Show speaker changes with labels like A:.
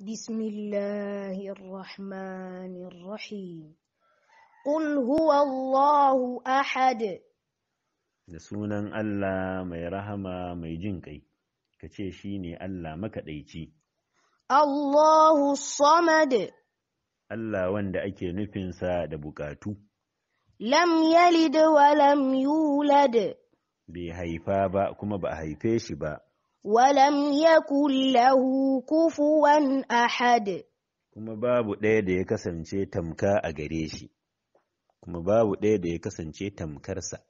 A: بسم الله الرحمن الرحيم قل هو الله
B: da sunan Allah mai rahama mai jin kai ka ce shi ne Allah makaɗaici
A: Allahu samad
B: Allah wanda ake nufinsa da buƙatu.
A: lam yalid wa lam yulad
B: bai haifa ba kuma ba a haife shi ba
A: ولم يكن له كفوا أحد
B: kuma babu ɗaya da ya kasance tamka a gare
A: shi kuma babu ɗaya da ya kasance tamkarsa